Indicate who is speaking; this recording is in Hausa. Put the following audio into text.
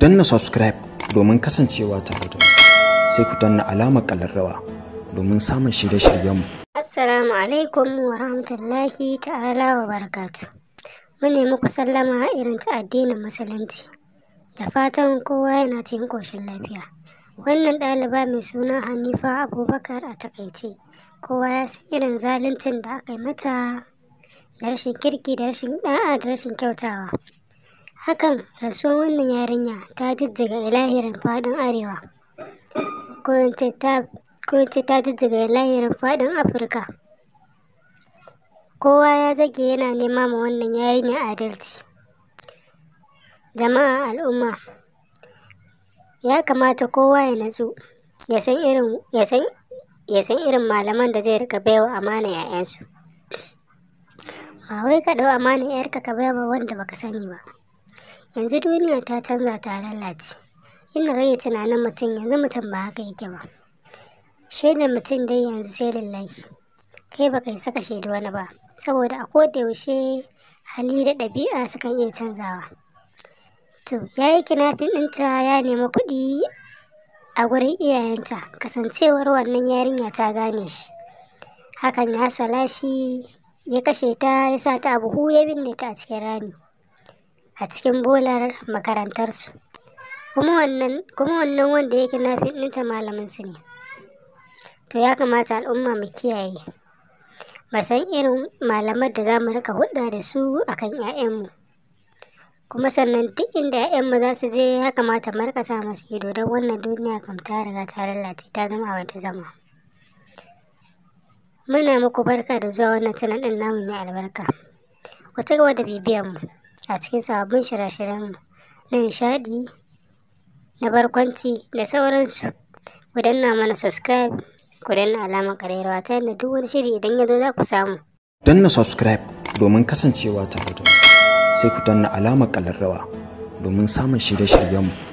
Speaker 1: danna subscribe domin kasancewa tare da sai ku danna alamar kallarrawa domin samun shirye-shiryenmu. Assalamu alaikum wa rahmatullahi ta'ala wa barakatu. Mune muku sallama irin ta addinin musulunci. Da fatan kowa yana cikin koshin lafiya. Wannan ɗaliba mai suna Hanifa Abubakar a takaice. Kowa ya san irin zaluncin da aka yi mata da rashin kirki da rashin da'a da rashin kyautawa. Hakan rasuwar wannan yarinya ta jijjiga lahirin faɗin Arewa, ko ce ta jijjiga lahirin faɗin Afirka. Kowa ya zage yana nema ma wannan yarinya adalci. Jama'a al'umma, ya kamata kowa ya natsu, ya san irin malaman da zai rika baiwa amana 'ya'yansu. Ba wai ka ɗau amana 'yarka ka baiwa wanda baka sani ba. yanzu duniya ta canza ta lalace ina rage tunanin mutum yanzu mutum ba haka yake ba shaidar mutum dai yanzu sai lallahi kai ba kai saka shaidu wani ba saboda a koda yaushe hali da ɗabi'a sukan iya canzawa to ya yi kinafin ɗinta ya nemi kuɗi a gurin iyayenta kasancewar wannan yarinya ta gane shi hakan ya salashi ya kashe ta ya sa ta a buhu ya binne ta a cikin rani. a cikin bolar makarantarsu kuma wannan kuma wannan wanda yake na ɗinta malaminsu ne to ya kamata al'umma mu kiyaye ba san irin malamar da za mu rika hudda da su akan 'ya'yanmu kuma sannan duk inda 'ya'yanmu za su je ya kamata mu rika sa masu ido don wannan duniya kam ta riga ta lalace ta zama a wata zama muna muku barka da zuwa wannan tunan ɗin namu mai albarka wata gaba da bibiyanmu a cikin sababbin shirye-shiryen na nishaɗi na barkwanci da sauransu ku danna mana subscribe ku danna alamar ƙararrawa ta yadda duk wani shiri idan ya zo za ku samu danna subscribe domin kasancewa tare da sai ku danna alamar ƙararrawa domin samun shirye-shiryenmu